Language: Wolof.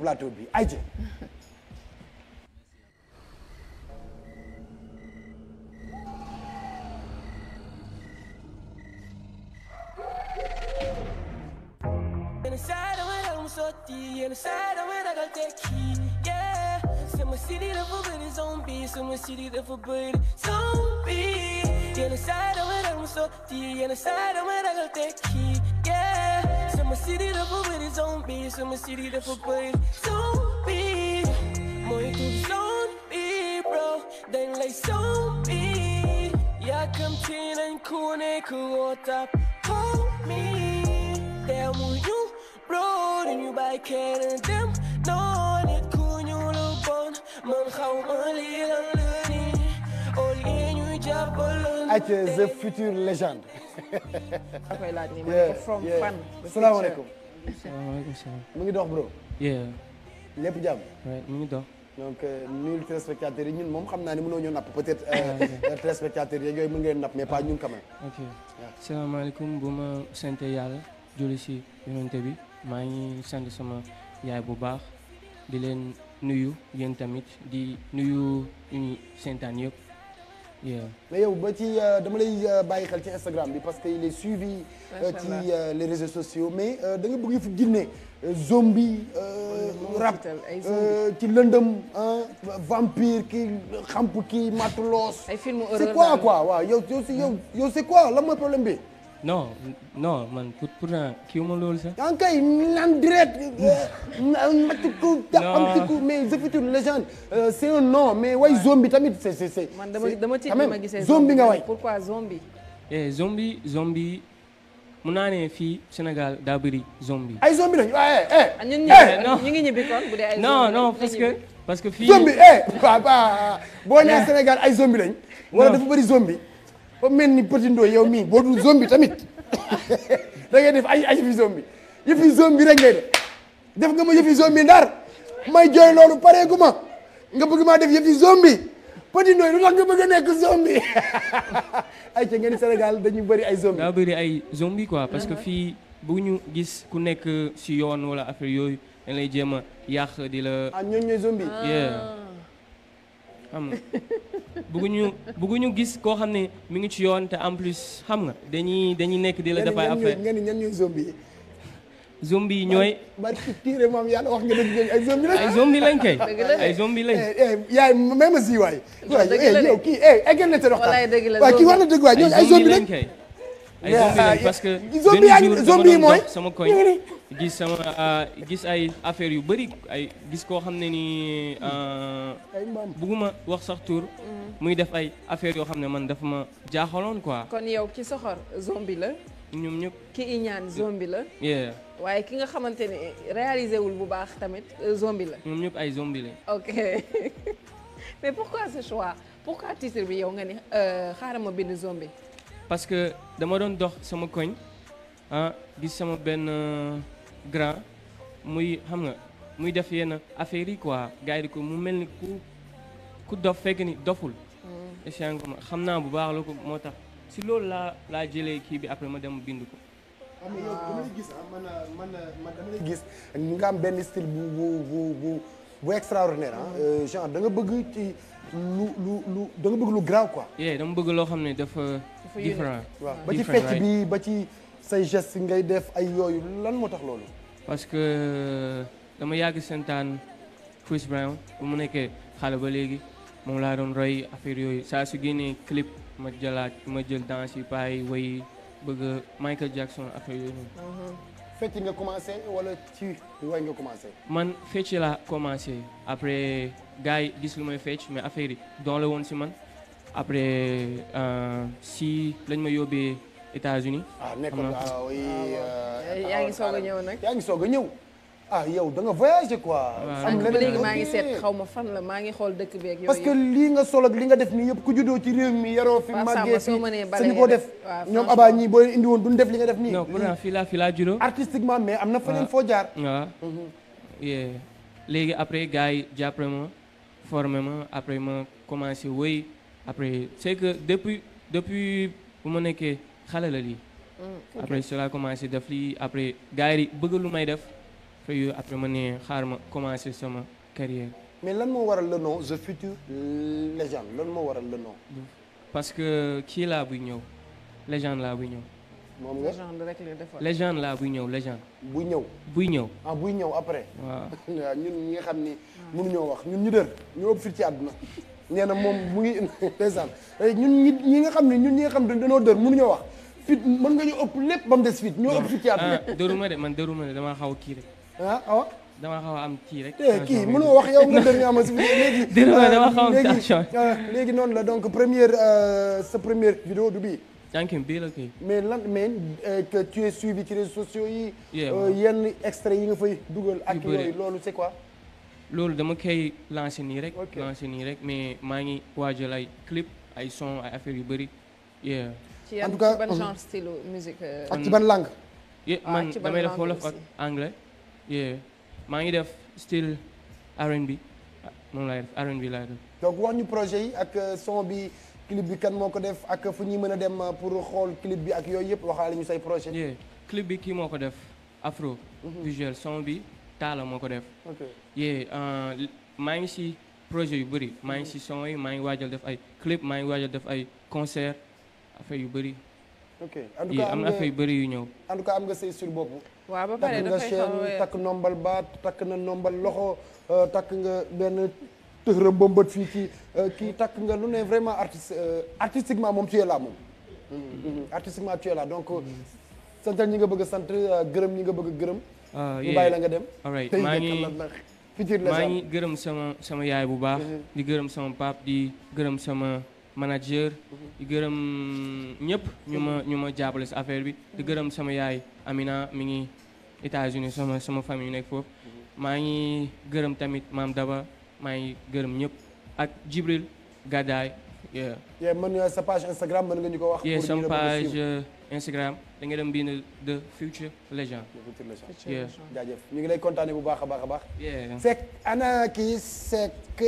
plateau bi ayca. yenn saa dama ragal mu sotti yenn saa dama ragal tekki sama sidi dafa bëri zombie sama sidi dafa bëri zombie yenn saa dama ragal mu sotti yenn saa dama ragal tekki sama sidi zone bi sama city dafa bëri zone bi mooy tudd zone bi bro dañ lay zone bi yàkkamti nañ ku nekk woo tap homie demuñu bro dañu bàyyi kenn dem noonu ku ñu lu bon man xaw ma lii lan la nii au lieu ñu jàppaloon. ak The Future Legend. maa koy laaj nii ma ne ko from fan. salaamaaleykum. salaamaaleykum salaam. mu ngi dox bro. yeah. lépp jàmm. oui mu ngi dox. donc euh, nuyu téléspectateurs yi ñun moom xam naa ni mënoo ñoo napp peut-être euh, ah, téléspectateurs yeeg yooyu mën ngeen napp mais pas ñun quand ok salaamaaleykum bu ma sant yàlla julli si yonente bi maa ngi sant sama yaay bu baax di leen nuyu yéen tamit di nuyu ñuy sentaan yëpp. mais yow ba ci euh, dama lay euh, bàyyi xel ci Instagram bi parce que il est suivi euh, ci les réseaux sociaux mais da nga bëgg fi jinne zombie rap ci lëndëm vampire ki xamp ki matuloos c'est quoi quoi waaw yow yow si yow yow c'est quoi lan mooy problème bi non non man pour pourtant kii ma loolu sa en kay naan direct. matiku amtiku mais The Future Legend euh, c'est un nom mais way zombie tamit c'est c'est man dama dama tiit ma gisee zombie nga way pourquoi zombie. eh zombie zombie mun naa ne fii Sénégal daa bëri zombie. ay zombie lañu waaye eh. eh. Ah, ñun eh, ngi ñibbi kon bu ay. non non parce que fii. zombie eh. waa boo nee Sénégal ay zombie lañ. wala dafa bëri zombie. ba mel ni Petit Ndoye yow mii boo dul zombie tamit da def ay ay yëfi zombie yëfi zombie rek ngay def nga ma yëfi zombie ndar may jooy loolu pareegu ma nga bëgg maa def yëfi zombie Petit Ndoye lu tax nga bëgg nekk zombie ay ca ngeen Sénégal dañu bëri ay zombie daa bëri ay zombie quoi parce que ah. fii bu ñu gis ku nekk si yoon wala affaire yooyu dañ lay jéem a yàq di la ah ñooñu zombie ah. xam nga bëgguñu bëgguñu gis koo xam ne mi ngi ci yoon te en plus xam nga dañuy dañuy nekk di la dafay affaire nga ni ñan ñuy zombie yi zombie yi ñooy barki tiire moom wax nga dëgg ay zombie lañ ay zombie lañ kay ay zombie lañ eh, eh, yaay même si waay eh, yow kii eggal na te waxtaan waaw kii wax na dëgg waay ñooñu ay zombie lañ kay ay parce que benn jour dama dox sama koñ gis sama ah, gis ay affaire yu bëri ay gis koo xam ne nii ah, bugguma wax sax tur mm. muy def ay affaire yoo xam ne man dafa ma jaaxaloon quoi. kon yow ki soxor zombie la. ñoom ñëpp ki iñaan zombie la. waaye ki nga xamante ne réaliser wul bu baax tamit euh, zombie la. ñoom ñëpp ay zombie la. ok mais pourquoi ce choix pourquoi titre bi yow nga ni euh, xaaral ma bind zombie. parce que dama doon dox sama koñ ah gis sama benn euh, grand muy xam nga muy def yenn affaire yi quoi gars di ko mu mel ni ku ku dof fekk ni doful. échange mm. xam naa bu baax la ko moo tax si loolu laa laa jëlee kii bi après ma dem bind ko. am gis ah, man ah, ah, nga am benn style bu bu bu bu extraordinaire ah. Mm. Euh, bëgg ci. lu lu lu da bëgg lu graaw quoi. yee dama bëgg loo xam ne dafa. différent waaw ba ci fecc bi ba ci say geste ngay def ay yooyu lan moo tax loolu. parce que euh, dama yàgg sentaan Chris Brown bu mu nekkee xale ba léegi moom laa doon roy affaire yooyu saa su génnee clip ma jëlaat ma jël danse yi paay way bëgg Michael Jackson affaire yooyu noonu. Uh-huh. fecc nga commencé wala ci way nga commencé. man fecc laa commencé après gars yi gis lu may fecc mais affaire yi don la woon si man après euh, si lañ ma yóbbee États-Unis. ah nekkoon nga ah, oui. Ah, euh, yaa ngi soog a nag yaa ngi soog a ñëw. ah yow da nga voyagé quoi. Ah, am leneen léegi maa ngi seet xaw ma fan la maa ngi xool dëkk beeg yooyu parce que lii nga sol ak li nga def nii yëpp ku juddoo ci réew mi yaroo fi màggee fi sañu koo def ñoom abaa ñii boo leen indi woon def li nga def nii. non pourtant fii laa fii laa juddoo. artistiquement mais am na feneen ah. foo jaar. waaw ah. mhm. léegi après gars yi jàppale ma formé ma après ma commencé woy après c'est que depuis depuis bu ma nekkee xale la lii. Mm, après cela commencé def lii après gars yi bëgg lu may def. te yooyu après ma ne xaar ma commencé sama carrière. mais lan moo waral le nom The Future Legend lan moo waral la nom. parce que kii laa buy ñëw légende laa buy ñëw. moom nga légende rek la defal légende laa buy ñëw légende. buy ñëw buy ñëw. ah buy ñëw après. waaw ñun ñi nga xam ni mënuñoo wax ñun ñu dër ñu ci àdduna. nee na moom mu ngi légende eh, ñun ñi ñi nga xam ni ñun ñi nga xam ne dañoo dër mënuñoo wax fit mën nga ñu ëpp lépp ba mu des fit ñoo ëpp fit ci àdduna. Ah, dëruma de man dëruma de damaa xaw a kii rek. ah awa. Ah, ah. dama xaw a am kii rek. Eh, kii mënoo wax yow nga dënnu amal si léegi. dënnu dama xaw a tension ah, léegi noonu la donc première euh, sa première vidéo du bii. thank you bii la kii. mais lan mais euh, tu es suivi ci réseaux sociaux yi. Euh, yenn extrait yi nga fay dugal. ak yooyu loolu c'est quoi. loolu dama koy lancé nii rek. ok lancé rek mais maa ngi waajal ay clip ay son ay affaire yu bëri. en tout cas ci ban uh-huh. genre style musique. ak ci ban damay def wolof anglais. yeah maa ngi def style R&B moom laay def R&B laay def. donc wax ñu projet yi ak euh, son bi clip bi kan moo ko def ak fu ñuy mën a dem euh, pour xool clip bi ak yooyu yëpp waxaale ñu say projet. yeah clip bi kii moo ko def afro. Mhm. visuel son bi taala moo ko def. ok yeah euh, maa ngi si projet yu bëri maa ngi si son yi maa ngi waajal def ay clip maa ngi waajal def ay concert affaire yu bëri. ok en am na yu bëri yu ñëw. en tout am nga say sur bopp. waaw ba takk nga chaîne takk nombal baat takk na nombal loxo euh, takk nga benn tëxërëm bëmbët fii kii euh, kii takk nga lu ne vraiment artiste euh, artistiquement moom tu es là moom. Mm-hmm. artistiquement tu es donc santal ñi nga bëgg a sant gërëm ñi nga bëgg gërëm. Ah, ñu bàyyi la nga dem. tey maa ngi gërëm sama sama yaay bu baax. Mm-hmm. di gërëm sama pap di gërëm sama. manager di gërëm ñëpp ñu ma ñu ma jàppale si affaire bi di gërëm sama yaay Amina mi ngi États-Unis sama sama famille nekk foofu maa ngi gërëm tamit maam Daba maa ngi gërëm ñëpp ak Jibril Gadaay yeah mën nga euh, sa page Instagram mën nga ñu ko wax yeah sama page euh, Instagram da de Future Legend jaajëf ñu ngi lay kontaane bu baax a baax a baax fekk ana kii Seck